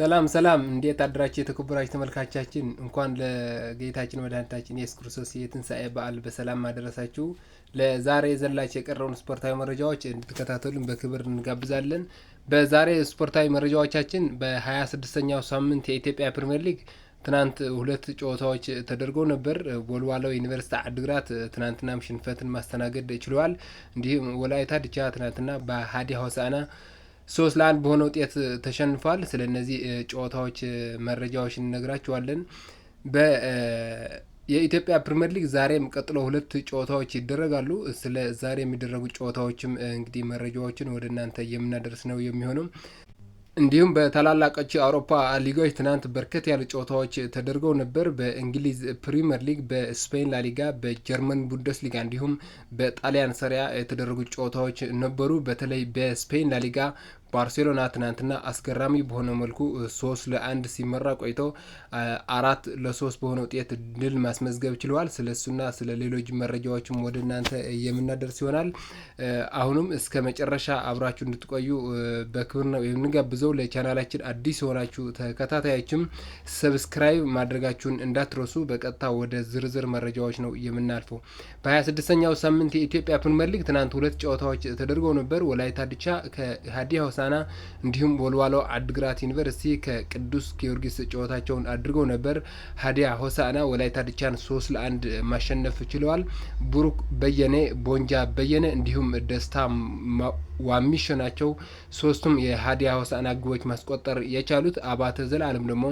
ሰላም ሰላም እንዴት አድራችሁ የተከበራችሁ ተመልካቻችን፣ እንኳን ለጌታችን መድኃኒታችን ኢየሱስ ክርስቶስ የትንሣኤ በዓል በሰላም አደረሳችሁ። ለዛሬ ዘላች የቀረውን ስፖርታዊ መረጃዎች እንድትከታተሉን በክብር እንጋብዛለን። በዛሬ ስፖርታዊ መረጃዎቻችን በ26ኛው ሳምንት የኢትዮጵያ ፕሪምየር ሊግ ትናንት ሁለት ጨዋታዎች ተደርገው ነበር። ወልዋለው ዩኒቨርሲቲ አድግራት ትናንትናም ሽንፈትን ማስተናገድ ችለዋል። እንዲሁም ወላይታ ድቻ ትናንትና በሀዲያ ሆሳና ሶስት ለአንድ በሆነ ውጤት ተሸንፏል። ስለ እነዚህ ጨዋታዎች መረጃዎች እንነግራችኋለን። የኢትዮጵያ ፕሪምየር ሊግ ዛሬም ቀጥሎ ሁለት ጨዋታዎች ይደረጋሉ። ስለ ዛሬ የሚደረጉ ጨዋታዎችም እንግዲህ መረጃዎችን ወደ እናንተ የምናደርስ ነው የሚሆነው። እንዲሁም በታላላቆች የአውሮፓ ሊጋዎች ትናንት በርከት ያሉ ጨዋታዎች ተደርገው ነበር። በእንግሊዝ ፕሪምየር ሊግ፣ በስፔን ላሊጋ፣ በጀርመን ሊጋ እንዲሁም በጣሊያን ሰሪያ የተደረጉ ጨዋታዎች ነበሩ። በተለይ በስፔን ላሊጋ ባርሴሎና ትናንትና አስገራሚ በሆነ መልኩ ሶስት ለአንድ ሲመራ ቆይቶ አራት ለሶስት በሆነ ውጤት ድል ማስመዝገብ ችለዋል። ስለ እሱና ስለ ሌሎች መረጃዎችም ወደ እናንተ የምናደርስ ይሆናል። አሁንም እስከ መጨረሻ አብራችሁ እንድትቆዩ በክብር ነው የምንጋብዘው። ለቻናላችን አዲስ የሆናችሁ ተከታታዮችም ሰብስክራይብ ማድረጋችሁን እንዳትረሱ። በቀጥታ ወደ ዝርዝር መረጃዎች ነው የምናልፈው። በ26ኛው ሳምንት የኢትዮጵያ ፕሪምየር ሊግ ትናንት ሁለት ጨዋታዎች ተደርገው ነበር። ወላይታ ድቻ ከሀዲያ ሆሳዕና እንዲሁም ወልዋሎ አድግራት ዩኒቨርሲቲ ከቅዱስ ጊዮርጊስ ጨዋታቸውን አድርገው ነበር። ሀዲያ ሆሳና ወላይታ ድቻን ሶስት ለአንድ ማሸነፍ ችለዋል። ቡሩክ በየኔ፣ ቦንጃ በየነ እንዲሁም ደስታ ዋሚሽ ናቸው። ሶስቱም የሀዲያ ሆሳና ግቦች ማስቆጠር የቻሉት አባተ ዘላለም ደግሞ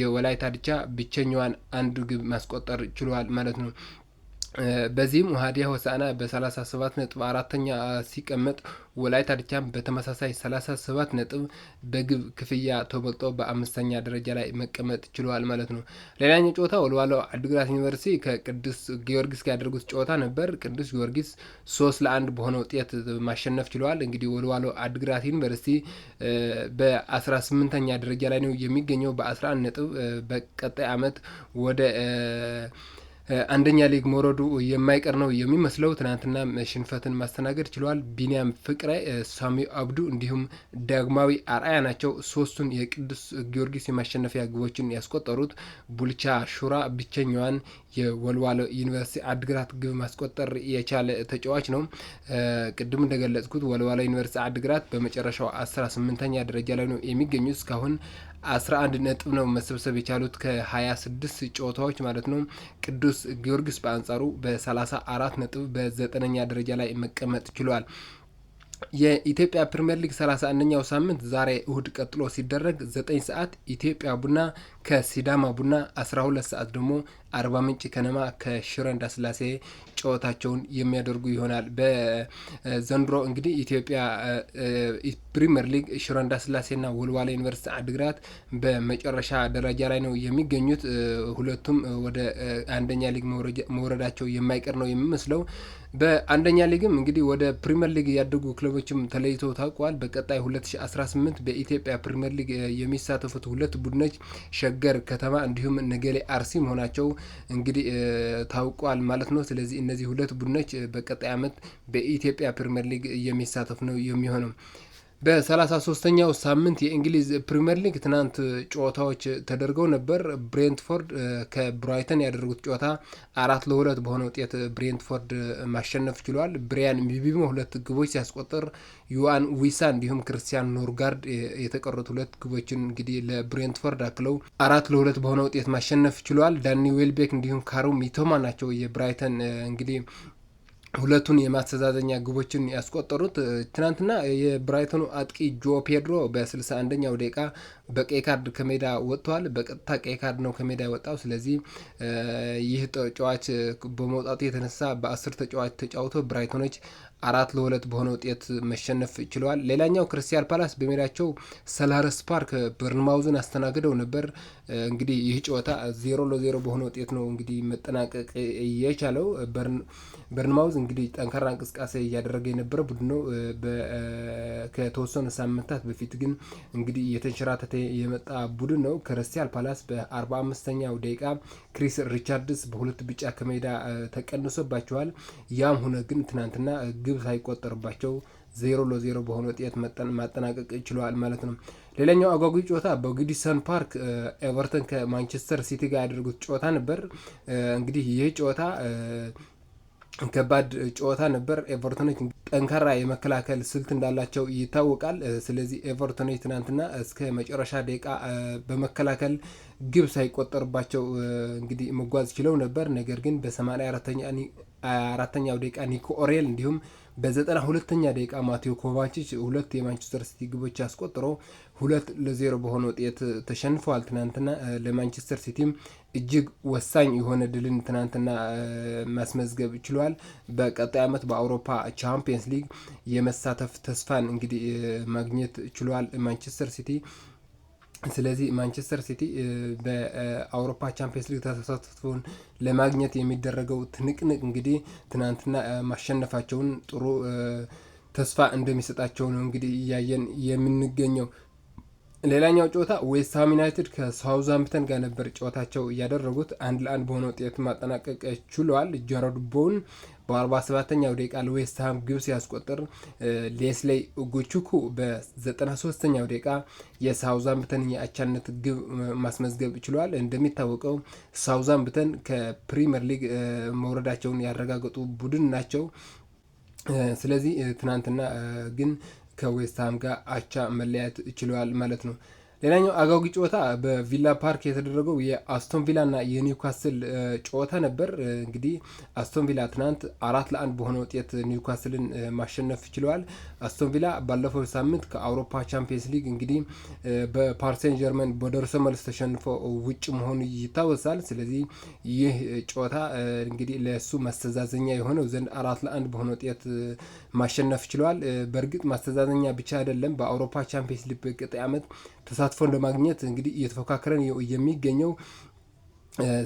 የወላይታ ድቻ ብቸኛዋን አንዱ ግብ ማስቆጠር ችሏል ማለት ነው። በዚህም ውሃዲያ ሆሳና በ37 ነጥብ አራተኛ ሲቀመጥ ወላይታ ድቻም በተመሳሳይ 37 ነጥብ በግብ ክፍያ ተበልጦ በአምስተኛ ደረጃ ላይ መቀመጥ ችሏል ማለት ነው። ሌላኛው ጨዋታ ወልዋሎ አድግራት ዩኒቨርሲቲ ከቅዱስ ጊዮርጊስ ጋር ያደረጉት ጨዋታ ነበር። ቅዱስ ጊዮርጊስ ሶስት ለአንድ በሆነ ውጤት ማሸነፍ ችሏል። እንግዲህ ወልዋሎ አድግራት ዩኒቨርሲቲ በ18ኛ ደረጃ ላይ ነው የሚገኘው በ11 ነጥብ በቀጣይ አመት ወደ አንደኛ ሊግ መውረዱ የማይቀር ነው የሚመስለው። ትናንትና ሽንፈትን ማስተናገድ ችሏል። ቢንያም ፍቅረ ሳሚ አብዱ እንዲሁም ዳግማዊ አርአያ ናቸው ሶስቱን የቅዱስ ጊዮርጊስ የማሸነፊያ ግቦችን ያስቆጠሩት። ቡልቻ ሹራ ብቸኛዋን የወልዋሎ ዩኒቨርሲቲ አድግራት ግብ ማስቆጠር የቻለ ተጫዋች ነው። ቅድም እንደገለጽኩት ወልዋሎ ዩኒቨርሲቲ አድግራት በመጨረሻው 18ኛ ደረጃ ላይ ነው የሚገኙ እስካሁን 11 ነጥብ ነው መሰብሰብ የቻሉት ከ26 ጨዋታዎች ማለት ነው። ቅዱስ ጊዮርጊስ በአንጻሩ በ34 ነጥብ በዘጠነኛ ደረጃ ላይ መቀመጥ ችሏል። የኢትዮጵያ ፕሪምየር ሊግ 31ኛው ሳምንት ዛሬ እሁድ ቀጥሎ ሲደረግ 9 ሰዓት ኢትዮጵያ ቡና ከሲዳማ ቡና፣ 12 ሰዓት ደግሞ አርባ ምንጭ ከነማ ከሽረ እንዳስላሴ ጨዋታቸውን የሚያደርጉ ይሆናል። በዘንድሮ እንግዲህ ኢትዮጵያ ፕሪምየር ሊግ ሽረ እንዳስላሴና ወልዋላ ዩኒቨርስቲ አድግራት በመጨረሻ ደረጃ ላይ ነው የሚገኙት። ሁለቱም ወደ አንደኛ ሊግ መውረዳቸው የማይቀር ነው የሚመስለው። በአንደኛ ሊግም እንግዲህ ወደ ፕሪምየር ሊግ ያደጉ ክለቦችም ተለይተው ታውቋል። በቀጣይ 2018 በኢትዮጵያ ፕሪምየር ሊግ የሚሳተፉት ሁለት ቡድኖች ሸገር ከተማ እንዲሁም ነገሌ አርሲ መሆናቸው እንግዲህ ታውቋል ማለት ነው። ስለዚህ እነዚህ ሁለት ቡድኖች በቀጣይ ዓመት በኢትዮጵያ ፕሪምየር ሊግ የሚሳተፍ ነው የሚሆነው። በ33ኛው ሳምንት የእንግሊዝ ፕሪምየር ሊግ ትናንት ጨዋታዎች ተደርገው ነበር። ብሬንትፎርድ ከብራይተን ያደረጉት ጨዋታ አራት ለሁለት በሆነ ውጤት ብሬንትፎርድ ማሸነፍ ችሏል። ብሪያን ሚቢሞ ሁለት ግቦች ሲያስቆጥር ዩዋን ዊሳ እንዲሁም ክርስቲያን ኖርጋርድ የተቀሩት ሁለት ግቦችን እንግዲህ ለብሬንትፎርድ አክለው አራት ለሁለት በሆነ ውጤት ማሸነፍ ችሏል። ዳኒ ዌልቤክ እንዲሁም ካሩ ሚቶማ ናቸው የብራይተን እንግዲህ ሁለቱን የማስተዛዘኛ ግቦችን ያስቆጠሩት ትናንትና የብራይተኑ አጥቂ ጆ ፔድሮ በ61ኛው ደቂቃ በቀይ ካርድ ከሜዳ ወጥቷል። በቀጥታ ቀይ ካርድ ነው ከሜዳ የወጣው። ስለዚህ ይህ ተጫዋች በመውጣቱ የተነሳ በአስር ተጫዋች ተጫውቶ ብራይቶኖች አራት ለሁለት በሆነ ውጤት መሸነፍ ችለዋል። ሌላኛው ክርስቲያን ፓላስ በሜዳቸው ሰላረስ ፓርክ በርንማውዝን አስተናግደው ነበር። እንግዲህ ይህ ጨዋታ ዜሮ ለዜሮ በሆነ ውጤት ነው እንግዲህ መጠናቀቅ የቻለው። በርንማውዝ እንግዲህ ጠንካራ እንቅስቃሴ እያደረገ የነበረ ቡድን ነው። ከተወሰኑ ሳምንታት በፊት ግን እንግዲህ የተንሸራተተ የመጣ ቡድን ነው። ክሪስታል ፓላስ በ45ኛው ደቂቃ ክሪስ ሪቻርድስ በሁለት ቢጫ ከሜዳ ተቀንሶባቸዋል። ያም ሆነ ግን ትናንትና ግብ ሳይቆጠርባቸው ዜሮ ለዜሮ በሆነ ውጤት ማጠናቀቅ ችለዋል ማለት ነው። ሌላኛው አጓጊ ጨዋታ በጉዲሰን ፓርክ ኤቨርተን ከማንቸስተር ሲቲ ጋር ያደርጉት ጨዋታ ነበር። እንግዲህ ይህ ጨዋታ ከባድ ጨዋታ ነበር። ኤቨርተኖች ጠንካራ የመከላከል ስልት እንዳላቸው ይታወቃል። ስለዚህ ኤቨርተኖች ትናንትና እስከ መጨረሻ ደቂቃ በመከላከል ግብ ሳይቆጠርባቸው እንግዲህ መጓዝ ችለው ነበር። ነገር ግን በሰማንያ አራተኛው ደቂቃ ኒኮ ኦሬል እንዲሁም በዘጠና ሁለተኛ ደቂቃ ማቴዎ ኮቫችች ሁለት የማንቸስተር ሲቲ ግቦች አስቆጥሮ ሁለት ለዜሮ በሆነ ውጤት ተሸንፈዋል። ትናንትና ለማንቸስተር ሲቲም እጅግ ወሳኝ የሆነ ድልን ትናንትና ማስመዝገብ ችሏል። በቀጣይ ዓመት በአውሮፓ ቻምፒየንስ ሊግ የመሳተፍ ተስፋን እንግዲህ ማግኘት ችሏል ማንቸስተር ሲቲ። ስለዚህ ማንቸስተር ሲቲ በአውሮፓ ቻምፒየንስ ሊግ ተሳትፎን ለማግኘት የሚደረገው ትንቅንቅ እንግዲህ ትናንትና ማሸነፋቸውን ጥሩ ተስፋ እንደሚሰጣቸው ነው እንግዲህ እያየን የምንገኘው። ሌላኛው ጨዋታ ዌስትሃም ዩናይትድ ከሳውዝሃምፕተን ጋር ነበር ጨዋታቸው እያደረጉት አንድ ለአንድ በሆነ ውጤት ማጠናቀቅ ችሏል። ጀሮድ ቦውን በ47ኛው ደቂቃ ለዌስትሃም ግብ ሲያስቆጥር ሌስሌይ ጉቹኩ በ93ኛው ደቂቃ የሳውዝሃምፕተን የአቻነት ግብ ማስመዝገብ ችሏል። እንደሚታወቀው ሳውዝሃምፕተን ከፕሪምየር ሊግ መውረዳቸውን ያረጋገጡ ቡድን ናቸው። ስለዚህ ትናንትና ግን ከዌስትሃም ጋር አቻ መለያየት ችለዋል ማለት ነው። ሌላኛው አጓጊ ጨዋታ በቪላ ፓርክ የተደረገው የአስቶን ቪላ እና የኒውካስል ጨዋታ ነበር። እንግዲህ አስቶን ቪላ ትናንት አራት ለአንድ በሆነ ውጤት ኒውካስልን ማሸነፍ ችለዋል። አስቶን ቪላ ባለፈው ሳምንት ከአውሮፓ ቻምፒየንስ ሊግ እንግዲህ በፓርሴን ጀርመን በደርሶ መልስ ተሸንፎ ውጭ መሆኑ ይታወሳል። ስለዚህ ይህ ጨዋታ እንግዲህ ለሱ ማስተዛዘኛ የሆነው ዘንድ አራት ለአንድ በሆነ ውጤት ማሸነፍ ችለዋል። በእርግጥ ማስተዛዘኛ ብቻ አይደለም። በአውሮፓ ቻምፒየንስ ሊግ በቀጣይ ዓመት ተሳ ተሳትፎን ለማግኘት እንግዲህ እየተፎካከረን የሚገኘው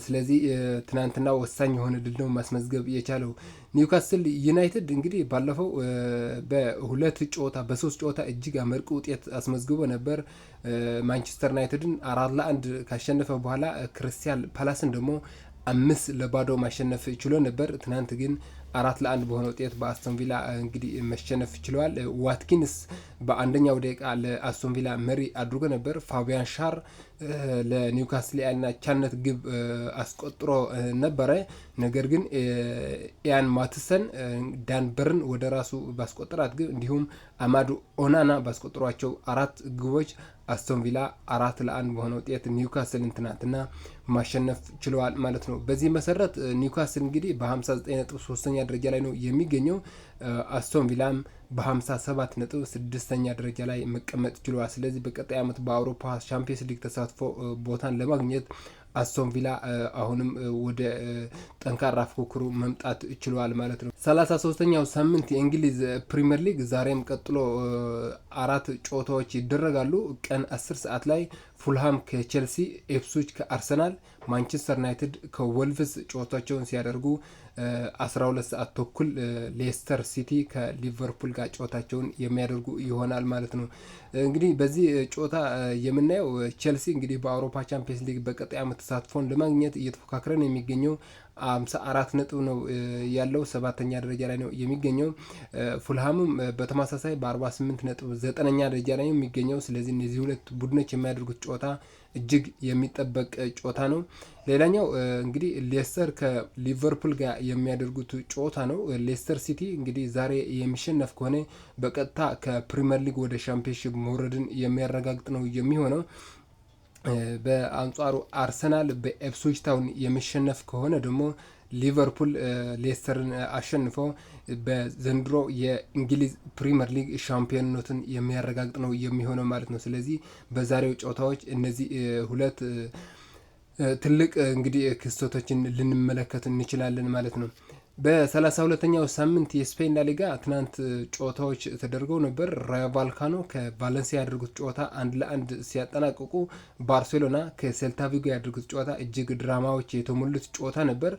ስለዚህ ትናንትና ወሳኝ የሆነ ድል ነው ማስመዝገብ የቻለው ኒውካስል ዩናይትድ እንግዲህ ባለፈው በሁለት ጨዋታ በሶስት ጨዋታ እጅግ አመርቂ ውጤት አስመዝግቦ ነበር። ማንቸስተር ዩናይትድን አራት ለአንድ ካሸነፈ በኋላ ክርስቲያን ፓላስን ደግሞ አምስት ለባዶ ማሸነፍ ችሎ ነበር። ትናንት ግን አራት ለአንድ በሆነ ውጤት በአስቶን ቪላ እንግዲህ መሸነፍ ችለዋል። ዋትኪንስ በአንደኛው ደቂቃ ለአስቶን ቪላ መሪ አድርጎ ነበር። ፋቢያን ሻር ለኒውካስል ያልና ቻነት ግብ አስቆጥሮ ነበረ። ነገር ግን ኢያን ማትሰን ዳንበርን ወደ ራሱ ባስቆጠራት ግብ እንዲሁም አማዱ ኦናና ባስቆጠሯቸው አራት ግቦች አስቶን ቪላ አራት ለአንድ በሆነ ውጤት ኒውካስልን ትናንትና ማሸነፍ ችለዋል ማለት ነው። በዚህ መሰረት ኒውካስል እንግዲህ በ59 ነጥብ ሶስተኛ ደረጃ ላይ ነው የሚገኘው። አስቶን ቪላም በ57 ነጥብ ስድስተኛ ደረጃ ላይ መቀመጥ ችለዋል። ስለዚህ በቀጣይ ዓመት በአውሮፓ ሻምፒየንስ ሊግ ተሳትፎ ቦታን ለማግኘት አስቶን ቪላ አሁንም ወደ ጠንካራ ፉክክሩ መምጣት ችሏል ማለት ነው። ሰላሳ ሶስተኛው ሳምንት የእንግሊዝ ፕሪምየር ሊግ ዛሬም ቀጥሎ አራት ጨዋታዎች ይደረጋሉ። ቀን አስር ሰዓት ላይ ፉልሃም ከቼልሲ፣ ኤፕስዊች ከአርሰናል፣ ማንቸስተር ዩናይትድ ከወልቭስ ጨዋታቸውን ሲያደርጉ 12 ሰዓት ተኩል ሌስተር ሲቲ ከሊቨርፑል ጋር ጨዋታቸውን የሚያደርጉ ይሆናል ማለት ነው። እንግዲህ በዚህ ጨዋታ የምናየው ቼልሲ እንግዲህ በአውሮፓ ቻምፒየንስ ሊግ በቀጣይ ዓመት ተሳትፎን ለማግኘት እየተፎካክረን የሚገኘው አምሳ አራት ነጥብ ነው ያለው። ሰባተኛ ደረጃ ላይ ነው የሚገኘው። ፉልሃምም በተመሳሳይ በ ስምንት ነጥብ ዘጠነኛ ደረጃ ላይ ነው የሚገኘው። ስለዚህ እነዚህ ሁለት ቡድኖች የሚያደርጉት ጨዋታ እጅግ የሚጠበቅ ጨዋታ ነው። ሌላኛው እንግዲህ ሌስተር ከሊቨርፑል ጋር የሚያደርጉት ጨዋታ ነው። ሌስተር ሲቲ እንግዲህ ዛሬ የሚሸነፍ ከሆነ በቀጥታ ከፕሪምየር ሊግ ወደ ሻምፒዮንሺፕ መውረድን የሚያረጋግጥ ነው የሚሆነው። በአንጻሩ አርሰናል በኤፕስዊች ታውን የሚሸነፍ ከሆነ ደግሞ ሊቨርፑል ሌስተርን አሸንፎ በዘንድሮ የእንግሊዝ ፕሪምየር ሊግ ሻምፒዮንነትን የሚያረጋግጥ ነው የሚሆነው ማለት ነው። ስለዚህ በዛሬው ጨዋታዎች እነዚህ ሁለት ትልቅ እንግዲህ ክስተቶችን ልንመለከት እንችላለን ማለት ነው። በሰላሳ ሁለተኛው ሳምንት የስፔን ላሊጋ ትናንት ጨዋታዎች ተደርገው ነበር። ራዮ ቫልካኖ ከቫለንሲያ ያደርጉት ጨዋታ አንድ ለአንድ ሲያጠናቅቁ፣ ባርሴሎና ከሴልታ ቪጎ ያደርጉት ጨዋታ እጅግ ድራማዎች የተሞሉት ጨዋታ ነበር።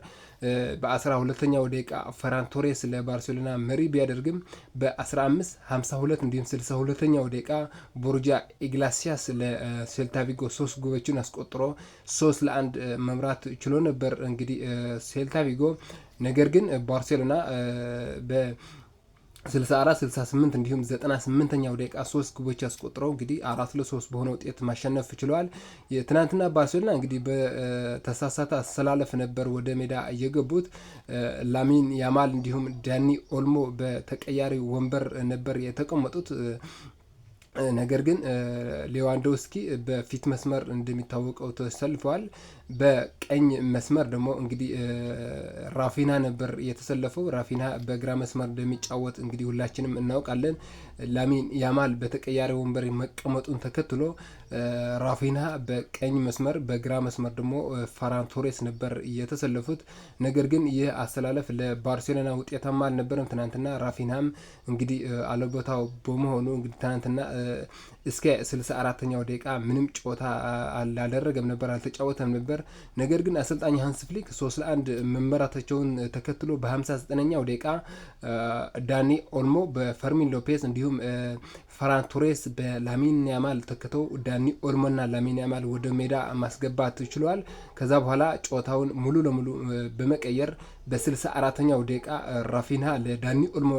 በአስራ ሁለተኛው ደቂቃ ፈራን ቶሬስ ለባርሴሎና መሪ ቢያደርግም በ15 52 እንዲሁም 62ኛው ደቂቃ ቦርጃ ኢግላሲያስ ለሴልታ ቪጎ ሶስት ጎሎችን አስቆጥሮ ሶስት ለአንድ መምራት ችሎ ነበር። እንግዲህ ሴልታ ቪጎ ነገር ግን ባርሴሎና በ 64 68 እንዲሁም 98ኛው ደቂቃ ሶስት ግቦች ያስቆጥረው እንግዲህ አራት ለሶስት በሆነ ውጤት ማሸነፍ ችለዋል። ትናንትና ባርሴሎና እንግዲህ በተሳሳተ አሰላለፍ ነበር ወደ ሜዳ እየገቡት ላሚን ያማል እንዲሁም ዳኒ ኦልሞ በተቀያሪ ወንበር ነበር የተቀመጡት። ነገር ግን ሌዋንዶስኪ በፊት መስመር እንደሚታወቀው ተሰልፈዋል። በቀኝ መስመር ደግሞ እንግዲህ ራፊና ነበር የተሰለፈው። ራፊና በግራ መስመር እንደሚጫወት እንግዲህ ሁላችንም እናውቃለን። ላሚን ያማል በተቀያሪ ወንበር መቀመጡን ተከትሎ ራፊና በቀኝ መስመር፣ በግራ መስመር ደግሞ ፈራን ቶሬስ ነበር የተሰለፉት። ነገር ግን ይህ አሰላለፍ ለባርሴሎና ውጤታማ አልነበረም። ትናንትና ራፊናም እንግዲህ አለቦታው በመሆኑ እንግዲህ ትናንትና እስከ ስልሳ አራተኛው ደቂቃ ምንም ጨዋታ አላደረገም ነበር፣ አልተጫወተም ነበር። ነበር። ነገር ግን አሰልጣኝ ሀንስ ፍሊክ ሶስት ለአንድ መመራታቸውን ተከትሎ በ59ኛው ደቂቃ ዳኒ ኦልሞ በፈርሚን ሎፔዝ እንዲሁም ፈራን ቱሬስ በላሚን ያማል ተክተው ዳኒ ኦልሞና ላሚን ያማል ወደ ሜዳ ማስገባት ችለዋል። ከዛ በኋላ ጨዋታውን ሙሉ ለሙሉ በመቀየር በ64ኛው ደቂቃ ራፊንሃ ለዳኒ ኦልሞ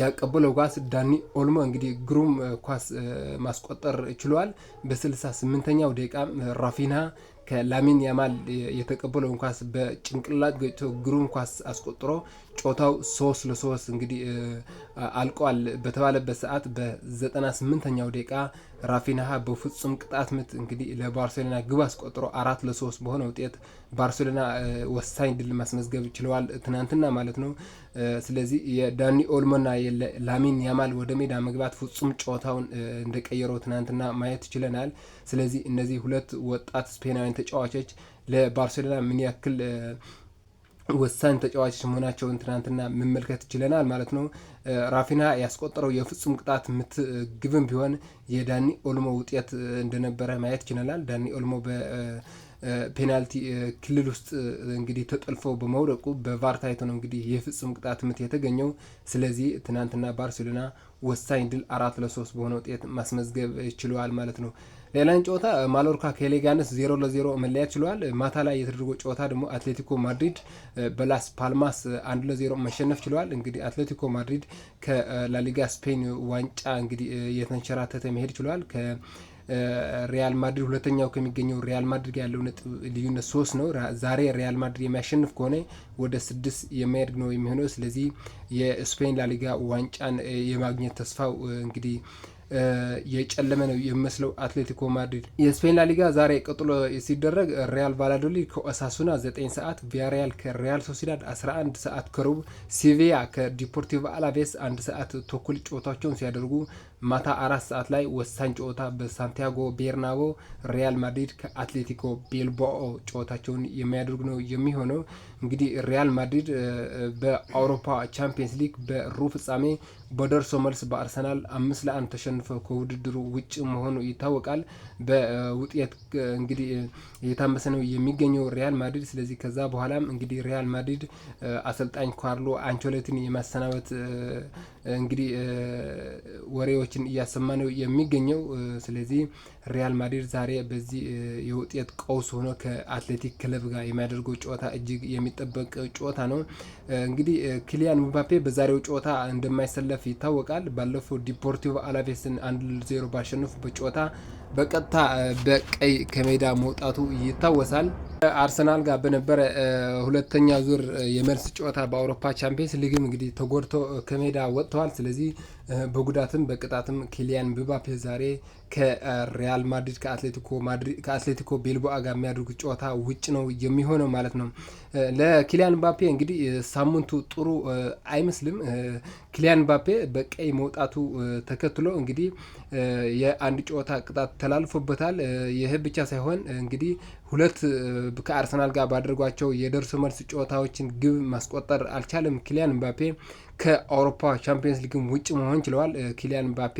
ያቀበለው ኳስ ዳኒ ኦልሞ እንግዲህ ግሩም ኳስ ማስቆጠር ችሏል። በ68ኛው ደቂቃም ራፊና ከላሚን ያማል የተቀበለውን ኳስ በጭንቅላት ገጭቶ ግሩም ኳስ አስቆጥሮ ጮታው ሶስት ለሶስት እንግዲህ አልቋል በተባለበት ሰዓት በ98ኛው ደቂቃ ራፊናሃ በፍጹም ቅጣት ምት እንግዲህ ለባርሴሎና ግብ አስቆጥሮ አራት ለሶስት በሆነ ውጤት ባርሴሎና ወሳኝ ድል ማስመዝገብ ችለዋል፣ ትናንትና ማለት ነው። ስለዚህ የዳኒ ኦልሞና ላሚን ያማል ወደ ሜዳ መግባት ፍጹም ጨዋታውን እንደቀየረው ትናንትና ማየት ችለናል። ስለዚህ እነዚህ ሁለት ወጣት ስፔናውያን ተጫዋቾች ለባርሴሎና ምን ያክል ወሳኝ ተጫዋቾች መሆናቸውን ትናንትና መመልከት ችለናል ማለት ነው። ራፊና ያስቆጠረው የፍጹም ቅጣት ምት ግብም ቢሆን የዳኒ ኦልሞ ውጤት እንደነበረ ማየት ችለናል። ዳኒ ኦልሞ በፔናልቲ ክልል ውስጥ እንግዲህ ተጠልፎ በመውደቁ በቫር ታይቶ ነው እንግዲህ የፍጹም ቅጣት ምት የተገኘው። ስለዚህ ትናንትና ባርሴሎና ወሳኝ ድል አራት ለሶስት በሆነ ውጤት ማስመዝገብ ችለዋል ማለት ነው። ሌላን ጨዋታ ማሎርካ ከሌጋነስ ዜሮ ለዜሮ መለያ ችሏል። ማታ ላይ የተደረገ ጨዋታ ደግሞ አትሌቲኮ ማድሪድ በላስ ፓልማስ አንድ ለዜሮ መሸነፍ ችሏል። እንግዲህ አትሌቲኮ ማድሪድ ከላሊጋ ስፔን ዋንጫ እንግዲህ የተንሸራተተ መሄድ ችሏል። ሪያል ማድሪድ ሁለተኛው ከሚገኘው ሪያል ማድሪድ ጋር ያለው ነጥብ ልዩነት ሶስት ነው። ዛሬ ሪያል ማድሪድ የሚያሸንፍ ከሆነ ወደ ስድስት የሚያድግ ነው የሚሆነው። ስለዚህ የስፔን ላሊጋ ዋንጫን የማግኘት ተስፋው እንግዲህ የጨለመ ነው የሚመስለው አትሌቲኮ ማድሪድ። የስፔን ላሊጋ ዛሬ ቀጥሎ ሲደረግ ሪያል ቫላዶሊድ ከኦሳሱና 9 ሰዓት፣ ቪያሪያል ከሪያል ሶሲዳድ 11 ሰዓት ከሩብ፣ ሲቪያ ከዲፖርቲቮ አላቬስ 1 ሰዓት ተኩል ጨዋታቸውን ሲያደርጉ ማታ አራት ሰዓት ላይ ወሳኝ ጨዋታ በሳንቲያጎ ቤርናቦ ሪያል ማድሪድ ከአትሌቲኮ ቤልባኦ ጨዋታቸውን የሚያደርጉ ነው የሚሆነው። እንግዲህ ሪያል ማድሪድ በአውሮፓ ቻምፒየንስ ሊግ በሩብ ፍጻሜ በደርሶ መልስ በአርሰናል አምስት ለአንድ ተሸንፈው ከውድድሩ ውጭ መሆኑ ይታወቃል። በውጤት እንግዲህ እየታመሰ ነው የሚገኘው ሪያል ማድሪድ። ስለዚህ ከዛ በኋላም እንግዲህ ሪያል ማድሪድ አሰልጣኝ ካርሎ አንቸሎቲን የማሰናበት እንግዲህ ወሬዎችን እያሰማ ነው የሚገኘው። ስለዚህ ሪያል ማድሪድ ዛሬ በዚህ የውጤት ቀውስ ሆኖ ከአትሌቲክ ክለብ ጋር የሚያደርገው ጨዋታ እጅግ የሚጠበቅ ጨዋታ ነው። እንግዲህ ኪሊያን ሙባፔ በዛሬው ጨዋታ እንደማይሰለፍ ይታወቃል። ባለፈው ዲፖርቲቮ አላቬስን አንድ ዜሮ ባሸነፉበት ጨዋታ በቀጥታ በቀይ ከሜዳ መውጣቱ ይታወሳል። አርሰናል ጋር በነበረ ሁለተኛ ዙር የመልስ ጨዋታ በአውሮፓ ቻምፒየንስ ሊግም እንግዲህ ተጎድቶ ከሜዳ ወጥተዋል። ስለዚህ በጉዳትም በቅጣትም ኪሊያን ምባፔ ዛሬ ከሪያል ማድሪድ ከአትሌቲኮ ቤልባኦ ጋር የሚያደርጉት ጨዋታ ውጭ ነው የሚሆነው ማለት ነው። ለኪሊያን ምባፔ እንግዲህ ሳምንቱ ጥሩ አይመስልም። ኪሊያን ምባፔ በቀይ መውጣቱ ተከትሎ እንግዲህ የአንድ ጨዋታ ቅጣት ተላልፎበታል። ይህ ብቻ ሳይሆን እንግዲህ ሁለት ከአርሰናል ጋር ባደረጓቸው የደርሶ መልስ ጨዋታዎችን ግብ ማስቆጠር አልቻለም። ኪሊያን ምባፔ ከአውሮፓ ቻምፒየንስ ሊግም ውጭ መሆን ችለዋል። ኪሊያን ምባፔ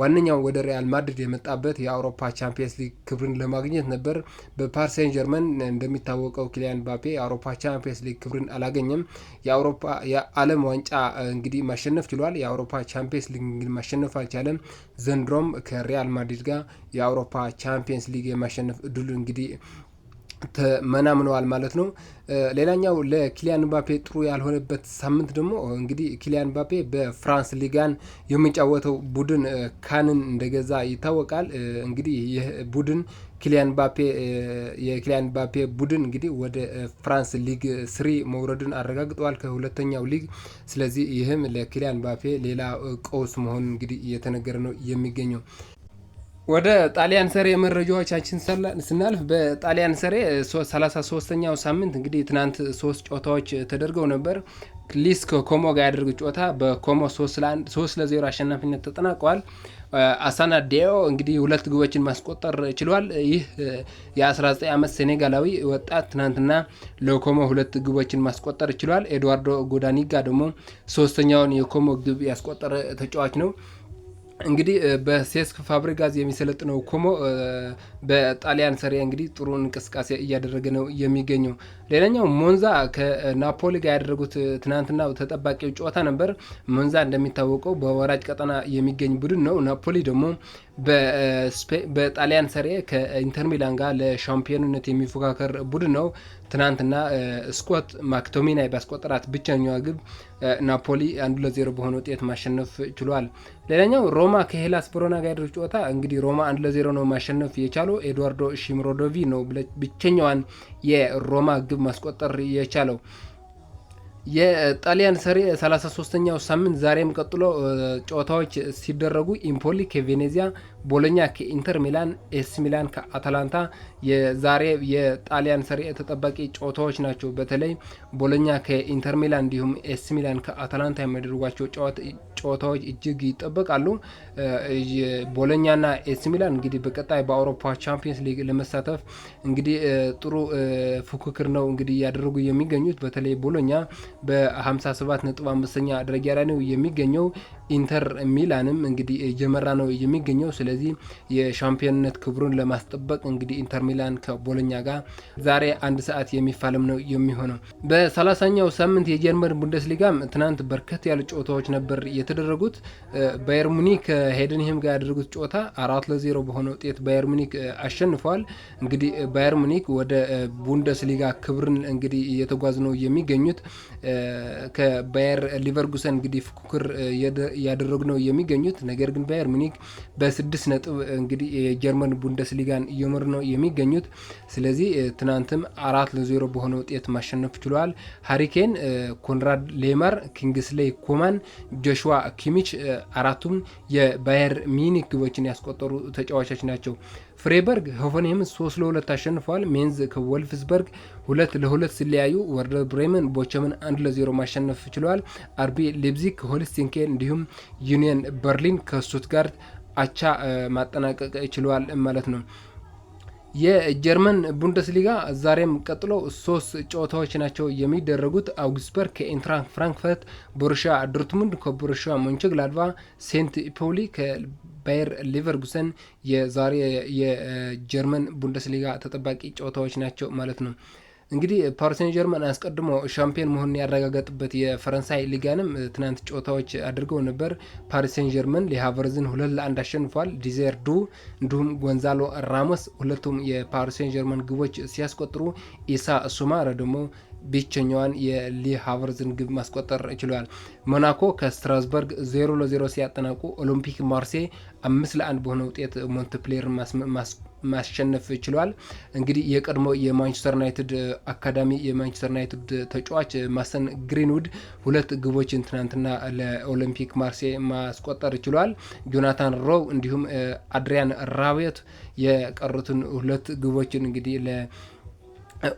ዋነኛው ወደ ሪያል ማድሪድ የመጣበት የአውሮፓ ቻምፒየንስ ሊግ ክብርን ለማግኘት ነበር። በፓርሴን ጀርመን እንደሚታወቀው ኪሊያን ምባፔ የአውሮፓ ቻምፒየንስ ሊግ ክብርን አላገኘም። የአውሮፓ የዓለም ዋንጫ እንግዲህ ማሸነፍ ችሏል። የአውሮፓ ቻምፒየንስ ሊግ እንግዲህ ማሸነፍ አልቻለም። ዘንድሮም ከሪያል ማድሪድ ጋር የአውሮፓ ቻምፒየንስ ሊግ የማሸነፍ እድሉ እንግዲህ ተመናምነዋል ማለት ነው። ሌላኛው ለኪሊያን ምባፔ ጥሩ ያልሆነበት ሳምንት ደግሞ እንግዲህ ኪሊያን ምባፔ በፍራንስ ሊጋን የሚጫወተው ቡድን ካንን እንደገዛ ይታወቃል። እንግዲህ ይህ ቡድን ኪሊያን ባፔ የኪሊያን ባፔ ቡድን እንግዲህ ወደ ፍራንስ ሊግ ስሪ መውረድን አረጋግጠዋል ከሁለተኛው ሊግ። ስለዚህ ይህም ለኪሊያን ባፔ ሌላ ቀውስ መሆኑን እንግዲህ እየተነገረ ነው የሚገኘው። ወደ ጣሊያን ሰሬ መረጃዎቻችን ስናልፍ በጣሊያን ሰሬ 33ኛው ሳምንት እንግዲህ ትናንት ሶስት ጨዋታዎች ተደርገው ነበር። ሊስ ከኮሞ ጋር ያደርጉት ጨዋታ በኮሞ 3 ለዜሮ አሸናፊነት ተጠናቀዋል። አሳና ዲያዮ እንግዲህ ሁለት ግቦችን ማስቆጠር ችሏል። ይህ የ19 ዓመት ሴኔጋላዊ ወጣት ትናንትና ለኮሞ ሁለት ግቦችን ማስቆጠር ችሏል። ኤድዋርዶ ጎዳኒጋ ደግሞ ሶስተኛውን የኮሞ ግብ ያስቆጠረ ተጫዋች ነው። እንግዲህ በሴስክ ፋብሪጋዝ የሚሰለጥነው ኮሞ በጣሊያን ሰሪያ እንግዲህ ጥሩ እንቅስቃሴ እያደረገ ነው የሚገኘው። ሌላኛው ሞንዛ ከናፖሊ ጋር ያደረጉት ትናንትና ተጠባቂው ጨዋታ ነበር። ሞንዛ እንደሚታወቀው በወራጅ ቀጠና የሚገኝ ቡድን ነው። ናፖሊ ደግሞ በጣሊያን ሰሬ ከኢንተር ሚላን ጋር ለሻምፒዮንነት የሚፎካከር ቡድን ነው። ትናንትና ስኮት ማክቶሚናይ ባስቆጠራት ብቸኛዋ ግብ ናፖሊ አንዱ ለዜሮ በሆነ ውጤት ማሸነፍ ችሏል። ሌላኛው ሮማ ከሄላስ ቬሮና ጋር ያደረጉት ጨዋታ እንግዲህ ሮማ አንዱ ለዜሮ ነው ማሸነፍ የቻለው ኤድዋርዶ ሺምሮዶቪ ነው ብቸኛዋን የሮማ ግብ ማስቆጠር የቻለው። የጣሊያን ሰሪ 33ኛው ሳምንት ዛሬም ቀጥሎ ጨዋታዎች ሲደረጉ ኢምፖሊ ከቬኔዚያ ቦሎኛ ከኢንተር ሚላን፣ ኤስ ሚላን ከአታላንታ የዛሬ የጣሊያን ሰሪ ተጠባቂ ጨዋታዎች ናቸው። በተለይ ቦሎኛ ከኢንተር ሚላን እንዲሁም ኤስ ሚላን ከአታላንታ የሚያደርጓቸው ጨዋታዎች እጅግ ይጠበቃሉ። ቦሎኛና ኤስ ሚላን እንግዲህ በቀጣይ በአውሮፓ ቻምፒየንስ ሊግ ለመሳተፍ እንግዲህ ጥሩ ፉክክር ነው እንግዲህ እያደረጉ የሚገኙት በተለይ ቦሎኛ በ57 ነጥብ አምስተኛ ደረጃ ላይ ነው የሚገኘው። ኢንተር ሚላንም እንግዲህ እየመራ ነው የሚገኘው። ስለዚህ የሻምፒዮንነት ክብሩን ለማስጠበቅ እንግዲህ ኢንተር ሚላን ከቦሎኛ ጋር ዛሬ አንድ ሰዓት የሚፋለም ነው የሚሆነው። በሰላሳኛው ሳምንት የጀርመን ቡንደስሊጋም ትናንት በርከት ያሉ ጨዋታዎች ነበር የተደረጉት። ባየር ሙኒክ ሄደንሄም ጋር ያደረጉት ጨዋታ አራት ለዜሮ በሆነ ውጤት ባየር ሙኒክ አሸንፈዋል። እንግዲህ ባየር ሙኒክ ወደ ቡንደስሊጋ ክብርን እንግዲህ እየተጓዙ ነው የሚገኙት ከባየር ሊቨርጉሰን እንግዲህ ፉክክር እያደረጉ ነው የሚገኙት። ነገር ግን ባየር ሚኒክ በስድስት ነጥብ እንግዲህ የጀርመን ቡንደስሊጋን እየመሩ ነው የሚገኙት። ስለዚህ ትናንትም አራት ለዜሮ በሆነ ውጤት ማሸነፍ ችለዋል። ሃሪኬን፣ ኮንራድ ሌማር፣ ኪንግስሌይ ኮማን፣ ጆሹዋ ኪሚች አራቱም የባየር ሚኒክ ግቦችን ያስቆጠሩ ተጫዋቾች ናቸው። ፍሬበርግ ሆፈንሄም 3 ለ2 አሸንፏል። ሜንዝ ከወልፍስበርግ 2 ለ2 ሲለያዩ ወርደ ብሬመን ቦቸምን 1 ለ0 ማሸነፍ ችለዋል። አርቢ ሌብዚግ ከሆልስቲንኬን እንዲሁም ዩኒየን በርሊን ከስቱትጋርት አቻ ማጠናቀቅ ችለዋል ማለት ነው። የጀርመን ቡንደስሊጋ ዛሬም ቀጥሎ ሶስት ጨዋታዎች ናቸው የሚደረጉት። አውግስበርግ ከኢንትራክት ፍራንክፈርት፣ ቦሩሻ ዶርትሙንድ ከቦሩሻ ሞንቸግላድባ፣ ሴንት ፖሊ ባየር ሊቨርጉሰን የዛሬ የጀርመን ቡንደስሊጋ ተጠባቂ ጨዋታዎች ናቸው ማለት ነው። እንግዲህ ፓሪሰን ጀርመን አስቀድሞ ሻምፒዮን መሆኑን ያረጋገጥበት የፈረንሳይ ሊጋንም ትናንት ጨዋታዎች አድርገው ነበር። ፓሪሴን ጀርመን ሊሃቨርዝን ሁለት ለአንድ አሸንፏል። ዱ እንዲሁም ጎንዛሎ ራሞስ ሁለቱም የፓሪሴን ጀርመን ግቦች ሲያስቆጥሩ ኢሳ ሱማረ ደግሞ ብቸኛዋን የሊ ሃቨርዝን ግብ ማስቆጠር ችሏል። ሞናኮ ከስትራስበርግ 0 ለ0 ሲያጠናቁ ኦሎምፒክ ማርሴይ አምስት ለአንድ በሆነ ውጤት ሞንትፕሌር ማሸነፍ ችሏል። እንግዲህ የቀድሞ የማንቸስተር ዩናይትድ አካዳሚ የማንቸስተር ዩናይትድ ተጫዋች ማሰን ግሪንውድ ሁለት ግቦችን ትናንትና ለኦሎምፒክ ማርሴይ ማስቆጠር ችሏል። ጆናታን ሮው እንዲሁም አድሪያን ራቤት የቀሩትን ሁለት ግቦችን እንግዲህ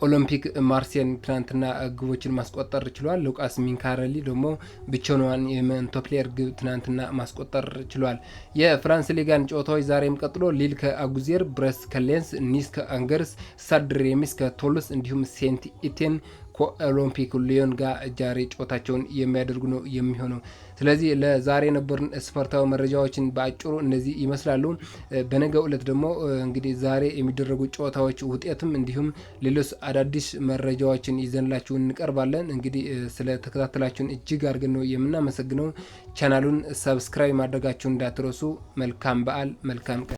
ኦሎምፒክ ማርሴን ትናንትና ግቦችን ማስቆጠር ችሏል። ሉቃስ ሚንካረሊ ደግሞ ብቸኛዋን የመንቶፕሌር ግብ ትናንትና ማስቆጠር ችሏል። የፍራንስ ሊጋን ጨዋታዎች ዛሬም ቀጥሎ ሊል ከአጉዜር፣ ብረስ ከሌንስ፣ ኒስ ከአንገርስ፣ ሳድሬሚስ ከቶሎስ እንዲሁም ሴንት ኢቴን ከኦሎምፒክ ሊዮን ጋር ጃሪ ጨዋታቸውን የሚያደርጉ ነው የሚሆነው። ስለዚህ ለዛሬ የነበሩን ስፖርታዊ መረጃዎችን በአጭሩ እነዚህ ይመስላሉ። በነገው ዕለት ደግሞ እንግዲህ ዛሬ የሚደረጉ ጨዋታዎች ውጤትም፣ እንዲሁም ሌሎች አዳዲስ መረጃዎችን ይዘንላችሁ እንቀርባለን። እንግዲህ ስለተከታተላችሁን እጅግ አድርገን ነው የምናመሰግነው። ቻናሉን ሰብስክራይብ ማድረጋችሁን እንዳትረሱ። መልካም በዓል፣ መልካም ቀን